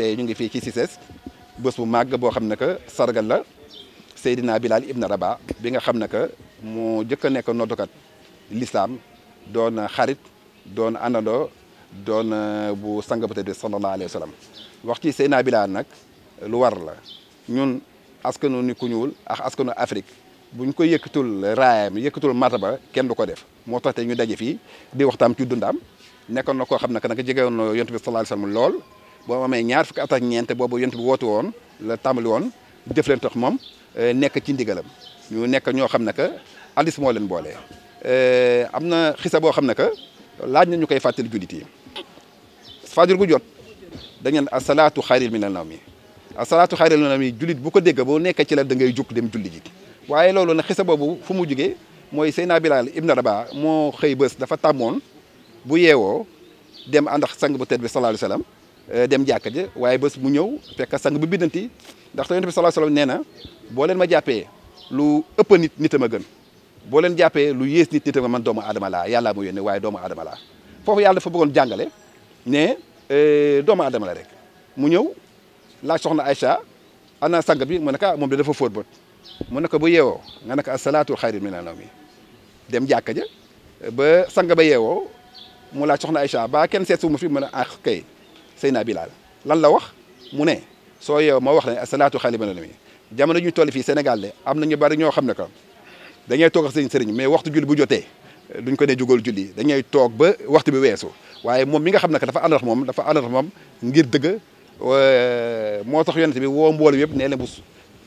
tey ñu ngi fii ci CICES bés bu màgg boo xam ne que sargal la Seydina Bilal Ibn Rabah bi nga xam ne que mu jëkk a nekk noddukat lislaam doon xarit doon àndandoo doon euh, bu sang bu tedd sallallahu alayhi wa sallam wax ci Seydina Bilal nag lu war la ñun askanu ni ku ñuul ak askanu Afrique buñ ko yëkkatul raayam yëkkatul martaba kenn du ko def moo tax te ñu daje fii di waxtaan ci dundaam nekkoon na koo xam ne que nag jege woon na yonent bi lool boo amee ñaar fukki at ak ñeent boobu yonent bu wootu woon la tàmbali woon def leen tax moom eh, nekk ci ndigalam ñu nekk ñoo xam ne que alis moo leen boole. Eh, am na xisa boo xam ne que laaj na ñu koy fàttali jullit yi fajar gu jot salaatu dañu ne asalaatu xayril minal nawmi asalaatu xayril minal nawmi jullit bu ko dégg boo nekkee ci la da ngay jug dem julli ji waaye loolu nag xisa boobu fu mu jugee mooy Seyna Bilal Ibn Rabah moo xëy bës dafa tàmmoon bu yeewoo dem ànd ak sang bi sallallahu alayhi Euh, dem jàkka ja waaye bés mu ñëw fekk sang bu biddanti ndax te yonent nee na boo leen ma jàppee lu ëpp nit nitam a gën leen jàppee lu yées nit nitam a man doomu aadama laa yàllaa ma yónnee waaye doomu aadama laa foofu yàlla dafa bëggoon jàngale ne euh, doomu aadama rek mu ñëw laaj soxna Aïcha ana sang bi mu ne ah, moom de dafa fóot mu ne ko bu yeewoo nga ne ko asalaatu xayru dem jàkka ja ba sang ba yeewoo mu laaj soxna Aïcha ba kenn seet su ma fi mu a ah kay Seydina Bilal lan la wax mu ne soo yow moo wax ne asalaatu xaaliban la mi jamono ñu toll fii Sénégal de am na ñu bari ñoo xam ne que dañuy toog ak seen sëriñ mais waxtu julli bu jotee duñ ko ne jógal julli dañuy toog ba waxtu bi weesu waaye moom mi nga xam ne que dafa ànd ak moom dafa ànd ak moom ngir dëgg moo tax yonent bi woo mbooloo yëpp nee leen bu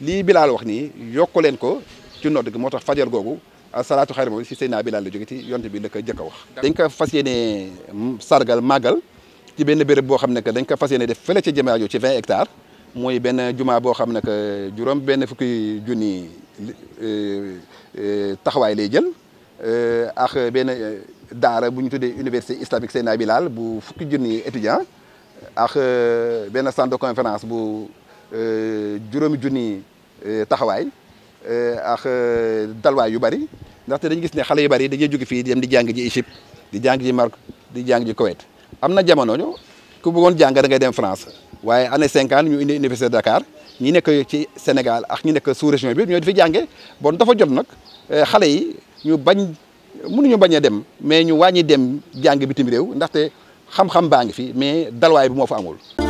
lii Bilal wax nii yokk leen ko ci nodd gi moo tax fajar googu asalaatu xaaliban bi si Seydina Bilal la jóge ci yonent bi la ko jëkk a wax. dañ ko fas yéene sargal màggal. ci ben bërepp bo xamne ne dañ ko fas def fële ci ca Jamñaajo ci 20 hectares moy ben jumaa bo xamne ne juróom ben fukki junni taxaway lay jël euh ak ben daara bu tuddé université islamique Seyna Bilal bu fukki juni étudiant ak ben centre de conférence bu euh juroom juni taxaway euh ak dalwa yu bari ndaxte dañu gis ne xale yu bari dañuy jóge fii dem di jàng ji Égypte di jàng ji marok di jàng ji Koweït am na jamono ñu ku bëggoon jàng da dem France waaye année cinquante ñu indi université Dakar ñu nekk ci Sénégal ak ñu nekk sous région bi ñoo fi jàngee bon dafa jot nag eh, xale yi ñu bañ mënuñu bañ a dem mais ñu wàññi dem jàng bitim réew ndaxte xam-xam baa ngi fi mais dalwaay bi moo fa amul.